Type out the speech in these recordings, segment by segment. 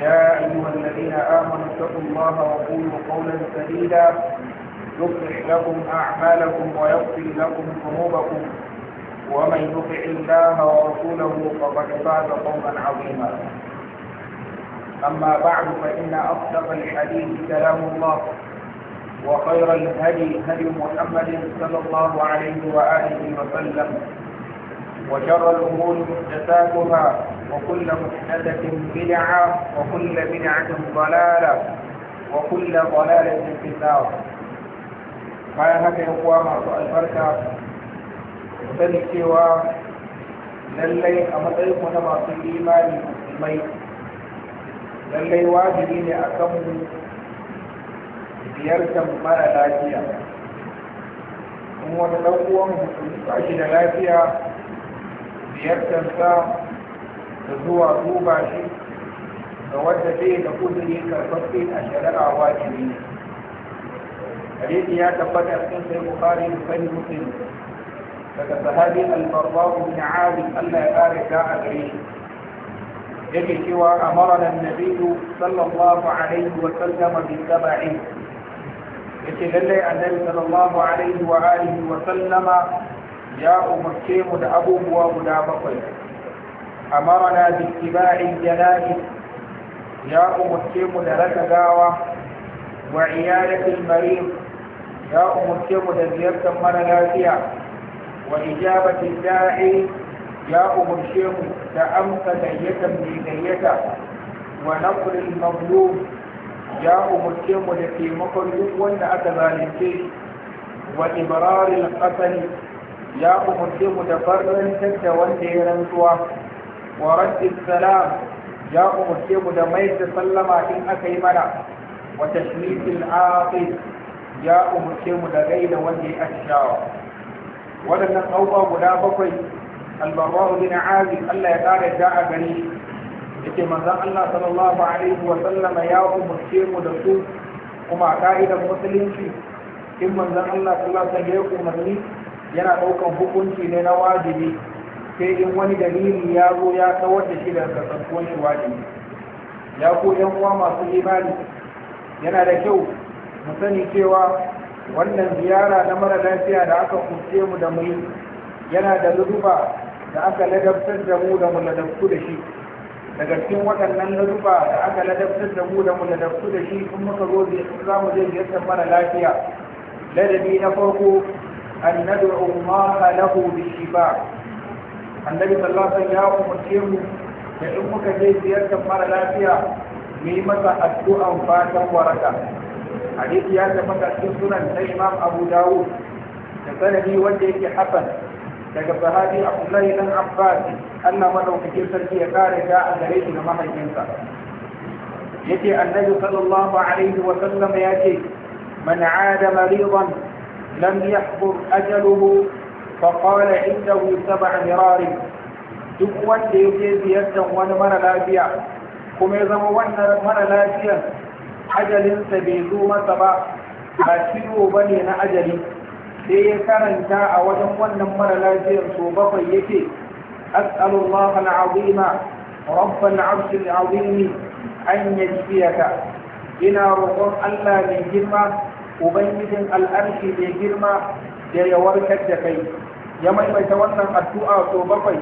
يا أيها الذين آمنوا اتقوا الله وقولوا قولا سديدا يصلح لكم أعمالكم ويغفر لكم ذنوبكم ومن يطع الله ورسوله فقد فاز قوما عظيما أما بعد فإن أصدق الحديث كلام الله وخير الهدي هدي محمد صلى الله عليه وآله وسلم وشر الأمور محدثاتها وكل محدثة بدعة وكل بدعة ضلالة وكل ضلالة في النار فيا هكا يا أخوانا البركة وذلك سوى للي أمطيق نما في الإيمان المي للي واجبين أكم بيرتم ما لا فيها هو تلوم عشر لا فيها ziyartarsa da zuwa duba shi ga wadda zai da kudiri karfafe a shari'a wajibi ne hadisi ya tabbata cikin sai bukhari da sahih muslim daga sahabi al-barra bin ali Allah ya kare ta a gare shi yake cewa amarana nabiyyu sallallahu alaihi wa sallam bi sab'i yake lallai annabi sallallahu alaihi wa alihi wa sallama ya umarce mu da abubuwa guda bakwai amarana bi tiba'in jana'i ya umarce mu da raka gawa wa iyalatin marid ya umarce mu da ziyartar mara lafiya wa ijabatin da'i ya umarce mu da amsa gayyatar mai gayyata wa nafurin mazlum ya umarce mu da taimakon duk wanda aka zalunce wa ibararin qasani ya umarce mu da farlantar wanda ya rantsuwa wa raddi salam ya umarce mu da mai da sallama in aka yi mana wa tashmitil aqid ya umarce mu da gaida wanda ya ashawa waɗannan abubuwa guda bakwai albarra'u bin azib Allah ya ƙara da a gani yake manzon Allah sallallahu alaihi wa sallama ya umarce mu da su kuma a ka'idar musulunci in manzon Allah sallallahu alaihi wa sallam ya umarni yana daukan hukunci ne na wajibi sai in wani dalili ya zo ya kawar da shi daga kasantuwan shi wajibi ya ko yan uwa masu imani yana da kyau mu sani cewa wannan ziyara na mara lafiya da aka kuce mu da muyi yana da zuba da aka ladabtar da mu da mu ladabtu da shi daga cikin waɗannan zuba da aka ladabtar da mu da mu ladabtu da shi in muka zo za mu je ziyartar mara lafiya ladabi na farko أن ندعو الله له بالشفاء النبي صلى ya umarci وسلم da in kuka je ziyartar mara lafiya mu yi masa addu'an fatan waraka hadisi ya zama da sunan na imam abu dawud da sanadi wanda yake hasan daga a abdullahi dan abbas Allah madaukake sarki ya kare da a gare shi na mahaifinsa yake annabi sallallahu alaihi wa sallam yake man 'ada maridan لم يحضر أجله فقال عنده سبع مرار duk wanda ya je ziyartar wani mara lafiya kuma ya zama wannan mara lafiyar ajalinsa bai zo masa ba ba ciwo ba ne na ajali sai ya karanta a wajen wannan mara lafiyar so bakwai yake as'alullah al'azima rabbal arshil azimi an yajfiyaka ina roƙon Allah mai girma ubangijin al'arshi mai girma da ya warkar da kai ya maimaita wannan addu'a so bakwai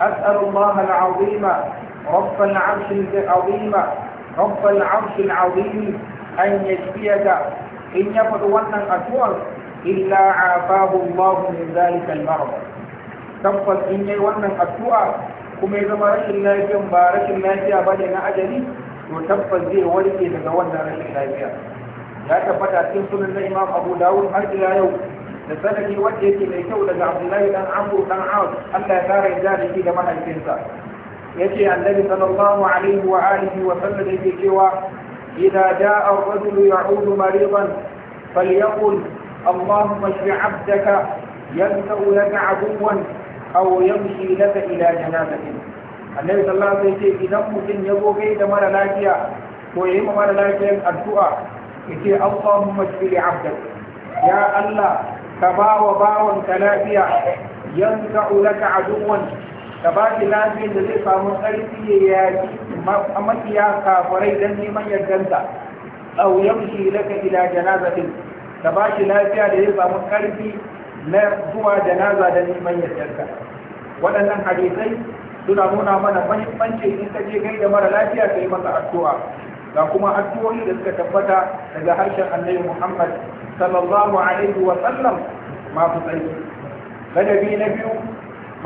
as'alullah al'azima رب العرش العظيم رب العرش العظيم أن يشفيك إن يفعل wannan addu'ar illa afahu Allah min zalika al-marad tabbas in yayi wannan addu'a kuma ya zama rashin lafiyan ba rashin lafiya ba ne na ajali to tabbas zai warke daga wannan rashin lafiya ya tabbata cikin sunan na imam abu dawud har ila yau da sanadi wanda yake mai kyau daga abdullahi dan amru dan aus allah ya tsara yadda da da mahaifinsa yace annabi sallallahu alaihi wa alihi wa sallam yake cewa idza jaa ar-rajulu mariban maridan falyaqul اللهم اشف عبدك يبدأ لك عدوا أو يمشي لك إلى جنازة annabi sallallahu alaihi wasallam sai ce idan mutum ya zo gai da mara lafiya yayi ma mara lafiyan addu'a yace Allahumma shfi abdak ya Allah ka ba wa bawon ka lafiya yanka ulaka aduwan ka ba shi lafiyar da zai samu ƙarfi ya yaki makiya kafarai don neman yardanta au yamshi laka ila janazatin ka ba shi lafiya da zai samu ƙarfi na zuwa janaza don neman yardarka waɗannan hadisai suna nuna mana mahimmanci in ka je kai da mara lafiya ka yi masa addu'a ga kuma addu'o'i da suka tabbata daga harshen annabi Muhammad sallallahu alaihi wa sallam ma su tsayi ladabi na biyu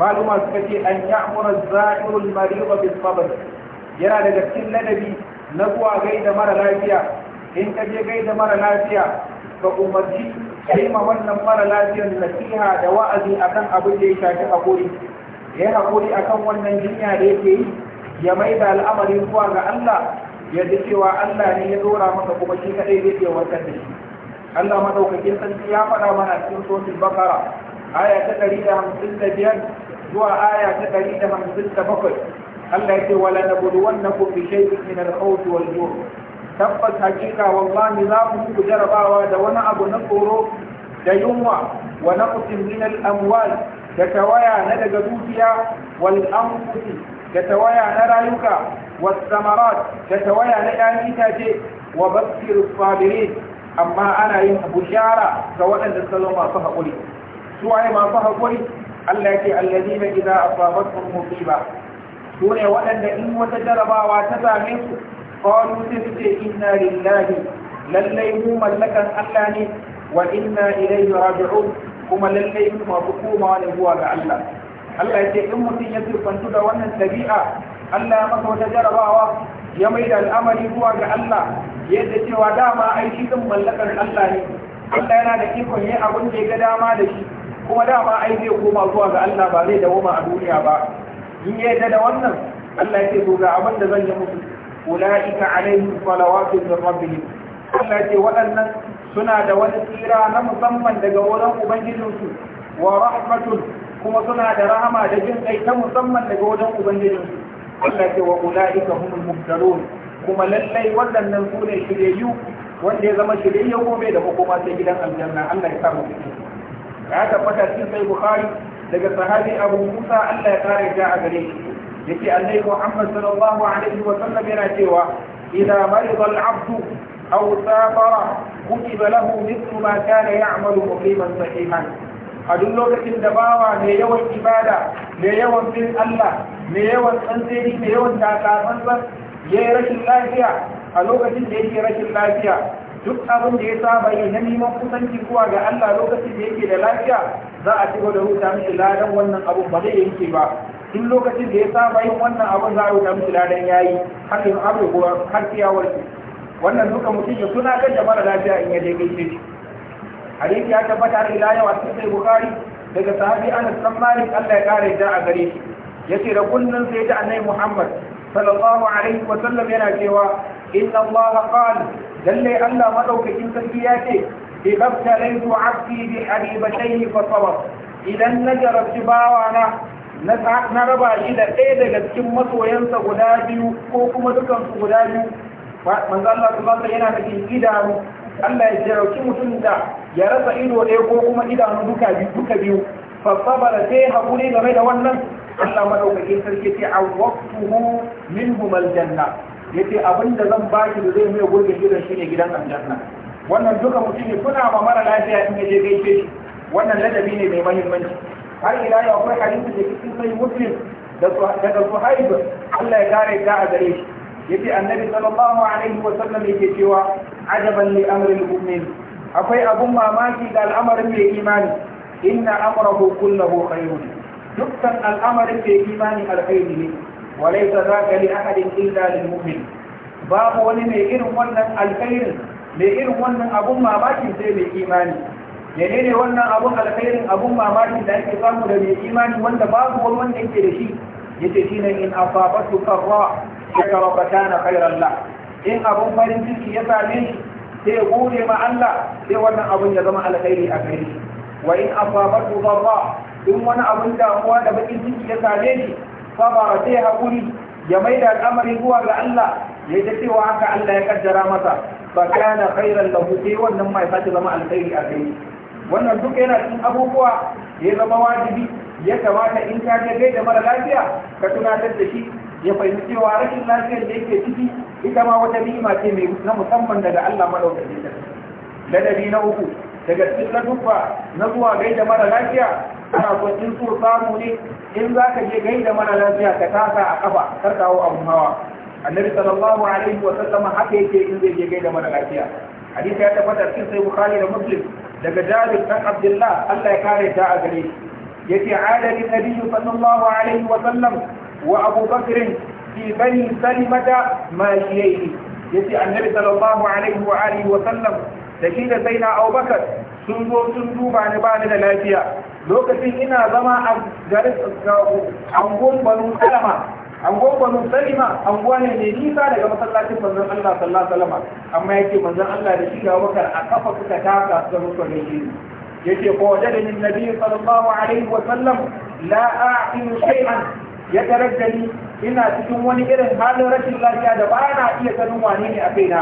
maluma suka ce an ya'mura za'irul mariḍa bis sabr yana daga cikin ladabi na zuwa gaida mara lafiya in ka je gaida mara lafiya ka umarci ma wannan mara lafiyar nasiha da wa'azi akan abin da ya shafi hakuri ya haƙuri akan wannan jinya da yake yi ya mai da al'amari zuwa ga Allah yadda cewa Allah ne ya zora maka kuma shi kadai zai iya warkar da shi Allah madaukakin sarki ya faɗa mana cikin suratul bakara aya ta ɗari da da hamsin biyar, zuwa aya ta ɗari da da hamsin bakwai. Allah ce wala nabluwannakum bi shay'in min al-khawf wal-ju' tabbas hakika wallahi za mu ku jarabawa da wani abu na tsoro da yunwa wa naqsin min al-amwal da tawaya na daga dukiya wal anfus da tawaya na rayuka والثمرات تتويا لأن إتاجي وبكر الصابرين أما أنا يوم بشارة سواء السلام ما صح قولي سواء ما صح قولي التي الذين إذا أصابتهم مصيبة سورة وأن إن وتجربا وتسامح قالوا تفتي إنا لله للي مو لك ألاني وإنا إليه راجعون كما للي ما تقوم عن هو الله يتعلم ya ce in mutum ya Allah ya masa wata jarabawa ya mai da al'amari zuwa ga Allah yadda cewa dama aiki din mallakar Allah ne Allah yana da ikon yin abin da ya ga dama da shi kuma dama ai zai koma zuwa ga Allah ba zai dawoma a duniya ba in ya yadda da wannan Allah ya ce to ga abin da zan yi musu ulaika alaihim salawatu min rabbihim Allah ya ce waɗannan suna da wani tsira na musamman daga wurin ubangijinsu wa rahmatun kuma suna da rahama da jin kai ta musamman daga wajen ubangijinsu Wallacewa ce wa ulaika humul kuma lallai waɗannan su ne shiryayyu wanda ya zama shiryayyu gobe da makoma sai gidan aljanna Allah ya sa mu ya tabbata shi sai Bukhari daga sahabi Abu Musa Allah ya kare ja a gare shi yake annabi Muhammad sallallahu alaihi wa sallam yana cewa idan marida al-abdu aw safara kutiba lahu mithlu ma kana ya'malu muqiman sahihan a duk lokacin da bawa mai yawan ibada mai yawan bin Allah mai yawan tsantseri, mai yawan ba ya yi rashin lafiya a lokacin da yake rashin lafiya duk abin da ya saba yi na neman kusanci kuwa ga Allah lokacin da yake da lafiya za a ci da huta mishi ladan wannan abun ba zai yanke ba duk lokacin da ya saba yin wannan abun za a huta mishi ladan ya har yin abu har ciyawarki wannan duka mutum ya suna kan da mara lafiya in ya dai gaishe shi hadisi ya tabbata da ila yau a cikin daga sahabi anas dan Allah ya kare da a gare shi yace da kullun sai ji annabi muhammad sallallahu alaihi wa sallam yana cewa inna allaha qala lalle Allah madaukakin sarki ya ce ibtalaitu abdi bi habibatayhi fa sabar idan na jarabci bawa na raba shi da ɗaya daga cikin masoyansa guda biyu ko kuma su guda biyu manzo Allah subhanahu yana da idanu Allah ya jarauci mutum da ya rasa ido ɗaya ko kuma idanu duka biyu duka biyu fasabara sai haƙuri game da wannan Allah madaukakin sarki ce a waqtuhu minhum aljanna yace abinda zan baki da zai mai gurbin gidan ne gidan aljanna wannan duka mutum ne kuna ma mara lafiya in je gaishe shi wannan ladabi ne mai mahimmanci har ila yau akwai hadisi da cikin sai muslim daga suhaib Allah ya kare ta a gare shi yace annabi sallallahu alaihi wa sallam yake cewa ajaban li amri al akwai abun mamaki ga al'amarin mai imani inna amrahu kullahu khairun dukkan al'amarin mai imani alkhairi ne wa za zaka li ahadin illa lil mu'min babu wani mai irin wannan alkhairin mai irin wannan abun mamakin sai mai imani menene wannan abun alkhairin abun mamakin da ake samu da mai imani wanda babu wani wanda yake da shi yace shine in afafatu karra shakara kana khairan la in abun farin ciki ya same shi sai gode ma Allah sai wannan abun ya zama alkhairi a gare shi wa in asabatu dharra in wani abun damuwa da bakin ciki ya same ni? sabara sai hakuri ya maida al'amari zuwa ga Allah ya ji cewa haka Allah ya kaddara masa fa kana khairan lahu sai wannan mai sace zama alkhairi a gare wannan duk yana cikin abubuwa ya zama wajibi ya kamata in ka je gaida mara lafiya ka tunatar da shi ya fahimci cewa rashin lafiyar da yake ciki ita ma wata ni'ima ce mai na musamman daga Allah madaukakin sarki ladabi na uku daga cikin ladubba na zuwa gaida mara lafiya ana so in so samu ne in za ka je gaida mara lafiya ka taka a kafa kar kawo abun hawa annabi sallallahu alaihi wa sallam haka yake in zai je gaida mara lafiya hadisi ya tabbata cikin sai bukhari da muslim daga jabir dan abdullah Allah ya kare ta a gare shi yace adali nabiyyu sallallahu alaihi wa sallam وأبو بكر في بني سلمة ماشيين يتي النبي wa sallam da shi da تشيد سينا sun zo sun duba ni بان لافيا لوكتين إنا زما جالس أنقول بنو سلمة angon banu salima angon ne mai nisa daga masallacin manzon Allah sallallahu alaihi amma yake manzon Allah da shi da Abubakar a kafa suka taka da mutu shi yake ko da nabi sallallahu alaihi sallam la a'ti shay'an ya tarar da ni ina cikin wani irin halin rashin lafiya da ba na iya sanin wani ne a kaina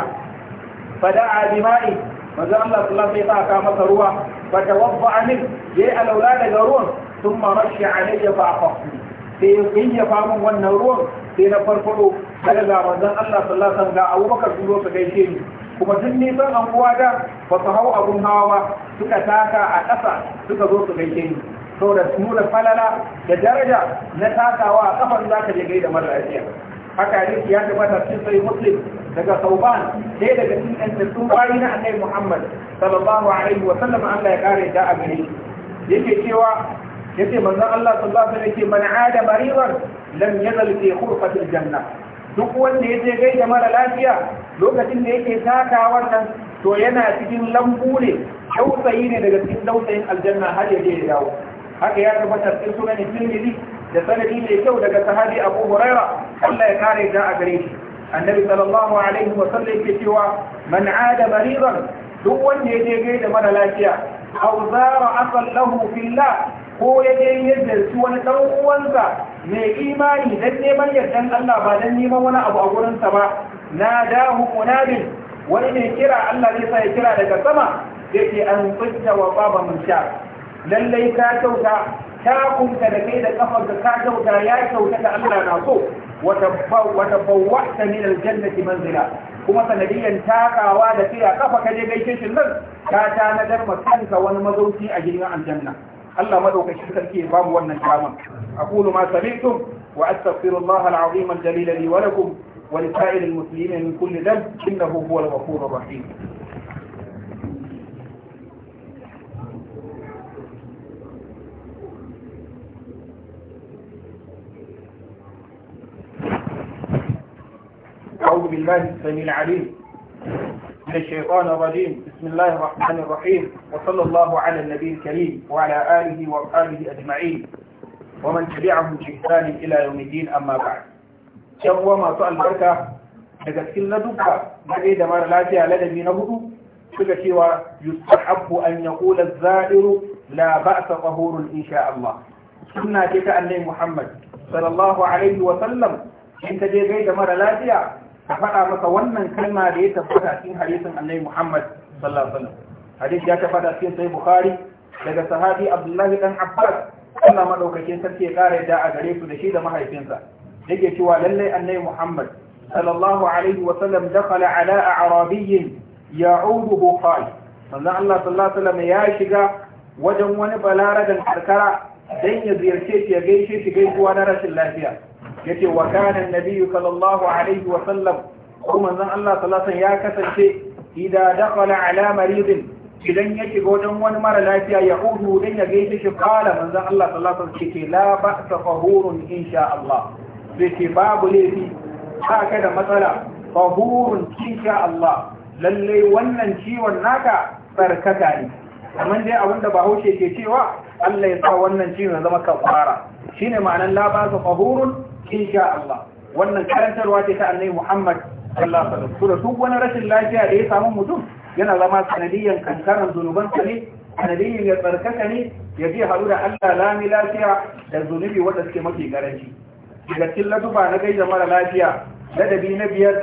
fada a alimai manzo Allah sallallahu alaihi wasallam ya masa ruwa fa tawaffa min yayi alaula daga ruwan thumma rashi alayya fa afaqtu sai ya yayyafa min wannan ruwan sai na farfado daga ga manzon Allah sallallahu alaihi wasallam ga Abubakar su zo su gaishe ni kuma duk nisan kuwa da ba su hau abun hawa ba suka taka a ƙasa suka zo su gaishe ni da nuna falala da daraja na takawa a kafan za ka je gaida mara lafiya haka hadisi ya tabbata cikin sai muslim daga sauban sai daga cikin ɗantattun bayi na annabi muhammad sallallahu alaihi wa sallam allah ya kare ta a gare shi yake cewa yace manzon allah sallallahu alaihi yake man ada maridan lam yazal fi khurfatil janna duk wanda ya je gaida mara lafiya lokacin da yake takawar nan to yana cikin lambu ne dausayi ne daga cikin dausayin aljanna har ya je ya dawo haka ya tabbata cikin sunan Tirmidhi da sanadi mai kyau daga sahabi Abu Huraira Allah ya kare da a gare shi annabi sallallahu alaihi wa sallam ke cewa man ada maridan duk wanda ya je gaida mara lafiya aw zara asal lahu fillah ko ya je yadda su wani dan uwansa mai imani dan neman yardan Allah ba dan neman wani abu a sa ba na dahu munadin wani ne kira Allah zai ya kira daga sama yake an fitta wa baba mun sha lallai ka kyauta ta kunta da kai da kafar ka kyauta ya kyauta Allah na so wata bawwata min ki manzila kuma sanadiyan takawa da kai a kafa ka je gaishe shi nan ka tanadar ma kanka wani mazauci a gidan aljanna Allah madaukakin sarki ya bamu wannan dama aqulu ma sami'tum wa astaghfirullaha al-azim al-jalil li wa lakum ولسائر المسلمين من كل ذنب إنه هو الغفور الرحيم بالله السميع العليم من الشيطان الرجيم بسم الله الرحمن الرحيم وصلى الله على النبي الكريم وعلى آله وأصحابه أجمعين ومن تبعهم بإحسان إلى يوم الدين أما بعد شر ما سأل بركة daga cikin ladubba na ɗaya da mara lafiya ladabi na hudu suka cewa yustahabbu an yaqula az-za'iru la ba'sa tahurun insha Allah sunna ce ta annabi Muhammad sallallahu wa sallam in ka je gai da mara lafiya ka faɗa masa wannan kalma da ya tabbata a cikin hadisin annabi Muhammad sallallahu alaihi wasallam hadisi ya tabbata cikin sahih Bukhari daga sahabi Abdullahi dan Abbas Allah madaukakin sarki ya kare da a gare su da shi da mahaifinsa yake cewa lallai annabi Muhammad sallallahu alaihi wasallam dakhala ala a'rabiyyin ya'uduhu qal sannan Allah sallallahu alaihi wasallam ya shiga wajen wani balaradan karkara dan ya ziyarce shi ya gaishe shi gaisuwa na rashin lafiya yace wa kana annabi sallallahu alaihi wa sallam ko manzon Allah sallallahu alaihi ya kasance idza dakhala ala maridin idan ya shiga wajen wani mara lafiya ya hudu dan ya gaishe shi kala manzon Allah sallallahu alaihi wasallam ce la ba'sa qahurun insha Allah zai ce babu laifi ba ka da matsala qahurun insha Allah lalle wannan ciwon naka Sarkaka ne kamar dai abinda bahaushe ke cewa Allah ya sa wannan ciwon zama kafara shine ma'anar la ba'sa insha Allah wannan karantarwa ce ta annabi Muhammad sallallahu alaihi wasallam duk wani rashin lafiya da ya samu mutum yana zama sanadiyan kankaran zunubansa ne sanadiyan ya tsarkaka ne ya je haɗu da Allah lami lafiya da zunubi wanda suke mafi garanci daga cikin latufa na gaida mara lafiya ladabi na biyar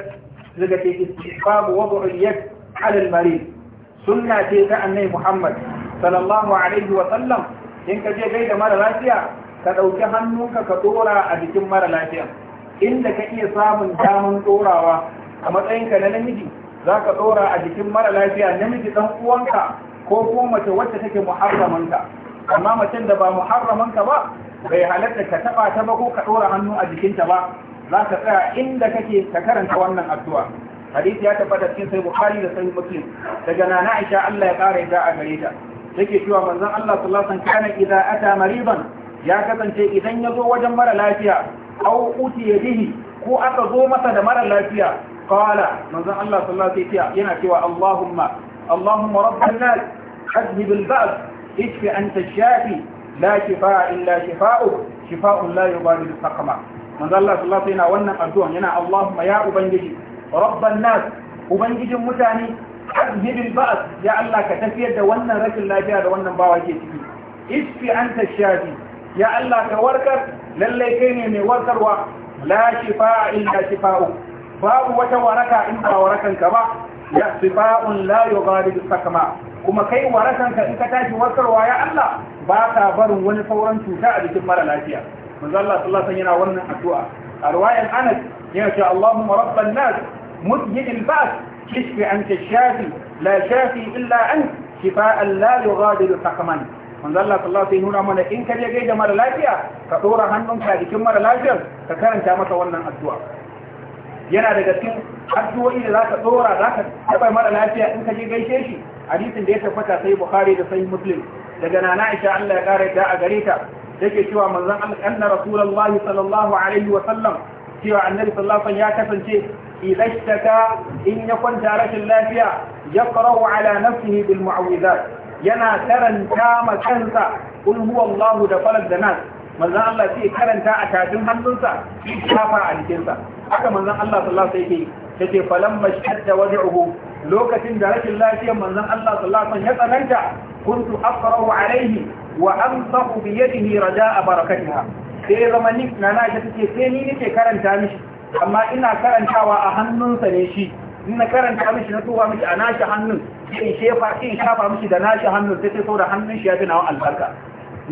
daga ke istifabu wadu'ul yad ala al sunna ce ta annabi Muhammad sallallahu alaihi sallam in ka je gaida mara lafiya ka ɗauki hannunka ka ɗora a jikin mara lafiya inda ka iya samun daman ɗorawa a matsayinka na namiji za ka ɗora a jikin mara lafiya namiji ɗan uwanka ko kuma mace wacce take muharramanka amma macen da ba muharramanka ba bai halatta ka taɓa ta ba ko ka ɗora hannu a jikinta ba za ka tsaya inda kake ka karanta wannan addu'a hadisi ya tabbata cikin sai bukhari da sahih muslim daga nana aisha Allah ya ƙara ya a gare ta take cewa manzon Allah sallallahu alaihi wasallam kana idza ata mariban ya kasance idan ya zo wajen mara lafiya au uti ya bihi ko aka zo masa da mara lafiya Kawala! manzon Allah sallallahu alaihi wasallam yana cewa Allahumma Allahumma rabban nas hadhib al-ba'd ishfi anta shafi la shifaa illa shifa'u, shifaa'un la yughadiru saqama manzon Allah sallallahu alaihi wasallam wannan addu'an, yana Allahumma ya ubangiji rabban nas ubangijin mutane hadhib al-ba'd ya Allah ka tafiyar da wannan rashin lafiya da wannan bawa ke ciki ishfi anta shafi ya Allah ka warkar lallai kai ne mai warkarwa la shifa illa shifa'u babu wata waraka in ba warakan ka ba ya shifa'un la yughadiru sakama kuma kai warakan ka in ka tashi warkarwa ya Allah ba ka barin wani sauran cuta a jikin mara lafiya manzo Allah sallallahu alaihi yana wannan addu'a a riwayan Anas yana cewa Allahumma rabban nas mudhi al-ba's kashfi anta shafi la shafi illa anta shifa'an la yughadiru sakama manzo Allah sallallahu alaihi nuna mana in ka je gaida mara lafiya ka dora hannun ka jikin mara lafiyar ka karanta masa wannan addu'a yana daga cikin addu'o'i da zaka dora zaka taba mara lafiya in ka je gaishe shi hadisin da ya tabbata sai Bukhari da sai Muslim daga nana Aisha Allah ya kare da a gare ta take cewa manzon Allah anna rasulullahi sallallahu alaihi wa sallam cewa annabi sallallahu alaihi ya kasance idan in ya kwanta rashin lafiya yaqra'u ala nafsihi bil mu'awwidat yana karanta ma kansa kul da falak da nas manzon Allah sai karanta a tafin hannunsa shafa a jikinsa haka manzon Allah sallallahu alaihi wasallam yake falamma shadda wad'uhu lokacin da rashin lafiyar manzon Allah sallallahu alaihi wasallam ya tsananta kuntu aqra'u alaihi wa amsahu bi yadihi raja'a barakatiha sai zama ni na na ta take sai ni nake karanta mishi amma ina karantawa a hannunsa ne shi ina karanta mishi na tuwa mishi a nashi hannun in shefa in shafa miki da nashi hannun ta sai saboda hannun shi ya fi nawa albarka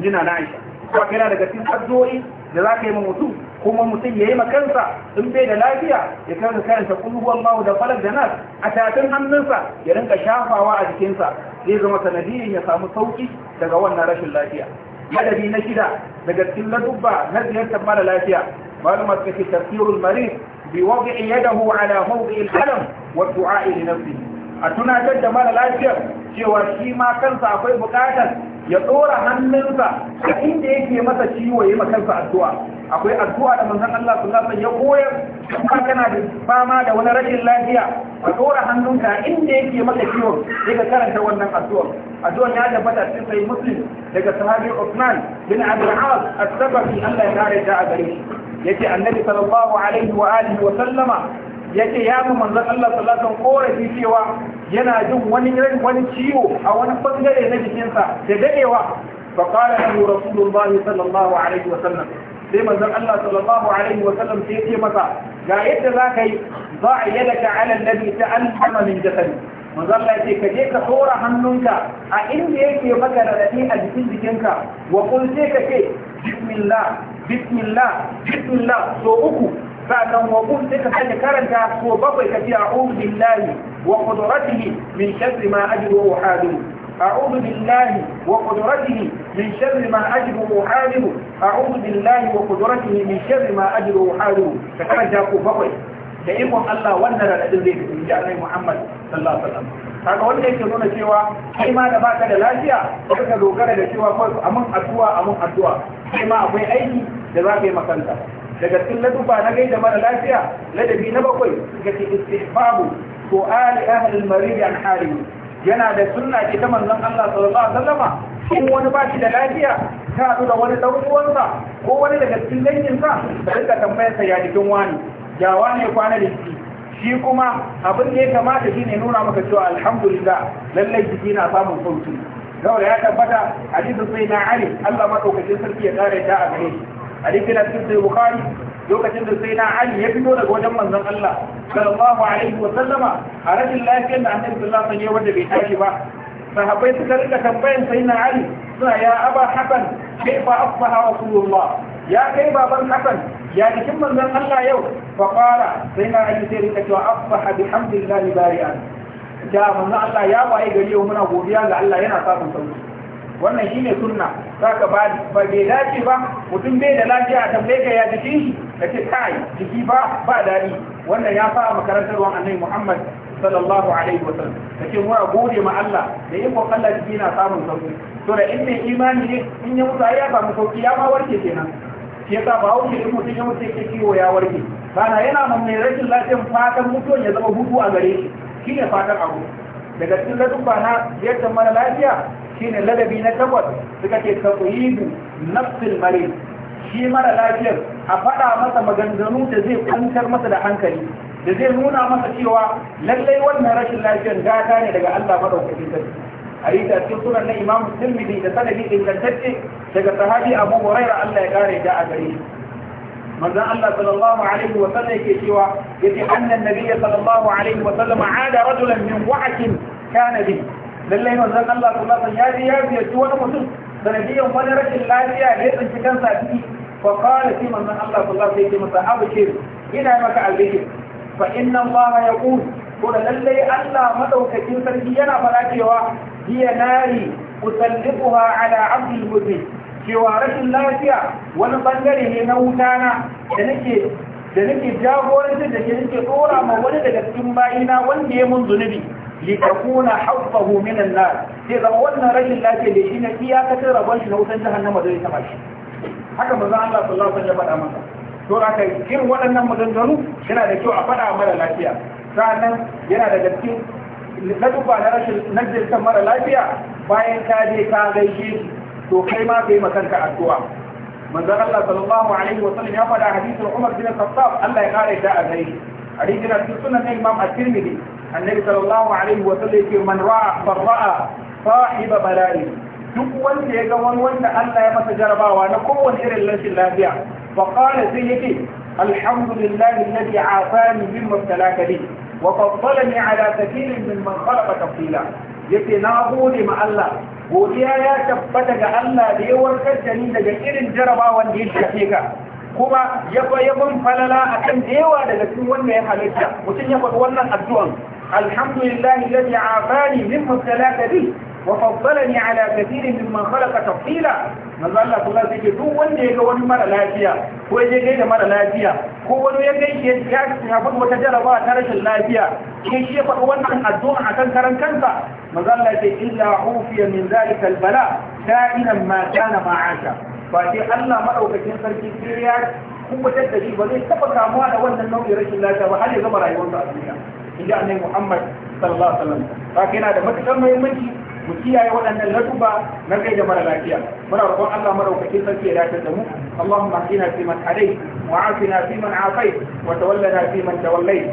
ina na Aisha kuma kana daga cikin addu'o'i da za ka yi mutum kuma mutum ya yi kansa in bai da lafiya ya kanka karanta kulhuwan mawu da falar da nas a tatin hannunsa ya rinka shafawa a jikinsa zai zama sanadiyin ya samu sauki daga wannan rashin lafiya madadi na shida daga cikin ladubba na ziyartar mara lafiya malama suka ce tafsirul marid dahu wadi'i yadahu ala mawdi'il alam wa ina li a tunatar da mara lafiyar cewa shi ma kansa akwai bukatar ya tsora hannunsa a inda yake masa ciwo ya yi kansa addu'a akwai addu'a da manzan Allah su lafa ya koyar kuma kana da fama da wani rashin lafiya a tsora hannunka inda yake masa ciwo ya ka karanta wannan addu'a addu'a ya tabbata cikin sai muslim daga sahabi usman bin Abdul Aas as-Sababi Allah ya kare ta a gare shi yace annabi sallallahu alaihi wa alihi wa sallama Ya ce ya fi manzan Allah sallallahu korafi cewa yana jin wani irin wani ciwo a wani bangare na jikinsa da dadewa fa qala lahu rasulullahi sallallahu alaihi wasallam sai manzan Allah sallallahu alaihi wasallam sai ce masa ga yadda za ka yi za a yadaka ala nabi ta alhama min jasadi manzan Allah ce ka je ka tsora hannunka a inda yake maka radadi a jikin jikinka wa kun sai ka ce bismillah bismillah bismillah so uku sa'annan wa qul sai ka karanta ko bakwai ka ce a'udhu billahi wa qudratihi min sharri ma ajidu wa uhadiru أعوذ بالله وقدرته من شر ما أجد وحاله أعوذ بالله وقدرته من شر ما Ka karanta فكرجا bakwai. da ikon Allah wannan radadin zai fi ji Annabi Muhammad sallallahu alaihi wasallam kaga wanda yake nuna cewa kai ma da baka da lafiya ka dogara da cewa kawai amun addu'a amun addu'a kai ma akwai aiki da za ka yi makanta daga cikin ladufa na gaida mara lafiya ladabi na bakwai ga ce istihbabu ko ali ahlul marid an hali yana da sunna ce ta manzon Allah sallallahu alaihi wasallama in wani ba shi da lafiya ta hadu da wani dan uwansa ko wani daga cikin dangin sa da rika tambayar sa ya jikin wani ya wani ya kwana da shi shi kuma abin da ya kamata shine nuna maka cewa alhamdulillah lallai jiki na samun sauki Gawar ya tabbata a hadisin sai na Ali Allah maɗaukacin sarki ya kare ta a gare shi hadisi na cikin sai bukari lokacin da sai na ali ya fito daga wajen manzon Allah sallallahu alaihi wa sallama a rashin lafiyar da annabi sallallahu alaihi wa wanda bai tashi ba sahabbai suka rika tambayan sai na ali suna ya aba hakan kai fa asbaha rasulullah ya kai baban hakan ya jikin manzon Allah yau fa qala sai na ali sai rika cewa asbaha bihamdillahi bari'an da manzon Allah ya waye gari yau muna godiya ga Allah yana samun sauki wannan shine sunna zaka ba ba bai dace ba mutum bai da lafiya a tambaye ka ya jikin shi kace kai jiki ba ba daɗi. wannan ya fa makarantar wan annabi Muhammad sallallahu alaihi wa sallam kace mura gode ma Allah da in ko Allah jiki na samun sauki to da in mai imani ne in ya mutu ya samu sauki ya ma warke kenan shi yasa ba wuce in mutum ya mutu yake ya warke bana yana mun mai rashin lafiyar fatan mutuwan ya zama hutu a gare shi ne fatan abu daga cikin ladubba na yadda mara lafiya shine ladabi na takwas suka ce taqyidu nafsil marid shi mara lafiyar a faɗa masa maganganu da zai kwantar masa da hankali da zai nuna masa cewa lallai wannan rashin lafiyar gata ne daga Allah madaukakin sarki hadisi a cikin sunan na Imam Tirmidhi da sanadi ingantacce daga sahabi Abu Hurairah Allah ya kare da a gare shi manzon Allah sallallahu alaihi wa sallam yake cewa yace annan nabiyyi sallallahu alaihi wa sallam ada rajulan min wa'atin kana bihi lallai manzon Allah sallallahu alaihi wasallam ya ziyarci wani mutum sanadiyan wani rashin lafiya da ya tsinci kansa ciki fa qala fi manzon Allah sallallahu alaihi wasallam sai abshir ina maka albishir fa inna Allah yaqul ko da lallai Allah madaukakin sarki yana fara cewa hiya nari usalliquha ala abdi al-mudhi cewa rashin lafiya wani bangare ne na wutana da nake da nake jagorantar da ke nake tsora ma wani daga cikin bayina wanda ya mun zunubi litakuna hawfahu min an-nar sai zama wannan rashin lafiya da shi shine iyakacin rabon shi na wutan jahannama da zai taba shi haka manzo Allah sallallahu alaihi wasallam ya faɗa masa to raka irin waɗannan maganganu yana da kyau a faɗa mara lafiya Sannan yana da gaske na duba na rashin nazarta mara lafiya bayan ka je ka gaishe shi to kai ma kai makanka addu'a manzo Allah sallallahu alaihi wasallam ya faɗa hadisin Umar bin Khattab Allah ya kare da a gaishe hadisi na cikin sunan na imam at-tirmidhi annabi sallallahu alaihi wa sallam man ra'a farra'a duk wanda ya ga wani wanda Allah ya masa jarabawa na kowane irin rashin lafiya fa qala sai yake alhamdulillahi alladhi afani mimma talaka li wa faddalani ala kathirin mimman khalaqa tafdila yace na gode ma Allah godiya ya tabbata ga Allah da ya warkar da ni daga irin jarabawan da ya ka kuma ya ban falala akan da yawa daga cikin wanda ya halitta mutum ya faɗi wannan addu'an alhamdulillahi lalli afani min mutalaka bi wa faddalani ala kathirin mimman khalaqa tafsila manzo Allah sallallahu alaihi duk wanda ya ga wani mara lafiya ko ya da mara lafiya ko wani ya gaishe ya ya faɗi wata jaraba ta rashin lafiya ke shi ya faɗi wannan addu'an akan karan kansa manzo Allah ya ce illa ufiya min zalika albala ka'inan ma kana ma'asha ba sai Allah maɗaukakin sarki sai ya kubutar da shi ba zai taɓa kamuwa da wannan nau'in rashin lafiya ba har ya zama rayuwarsa a duniya inda annabi Muhammad sallallahu alaihi wasallam haka yana da matukar muhimmanci mu kiyaye waɗannan laduba na kai da mara lafiya muna roƙon Allah madaukakin sarki ya dace da mu Allahumma ahdina fi man hadayt wa afina fi man afayt wa tawallana fi man tawallayt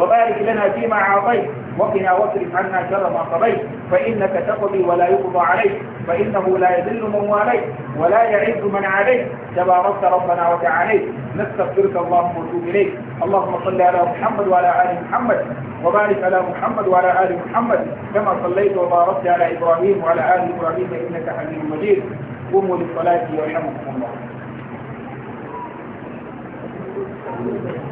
wa barik lana fi ma afayt وقنا واصرف عنا شر ما قضيت فإنك تقضي ولا يقضى عليك فإنه لا يذل من واليك ولا يعز من عليك تباركت ربنا وتعاليك نستغفرك اللهم ونتوب إليك اللهم صل على محمد وعلى آل محمد وبارك على محمد وعلى آل محمد كما صليت وباركت على إبراهيم وعلى آل إبراهيم إنك حميد مجيد قوموا للصلاة يرحمكم الله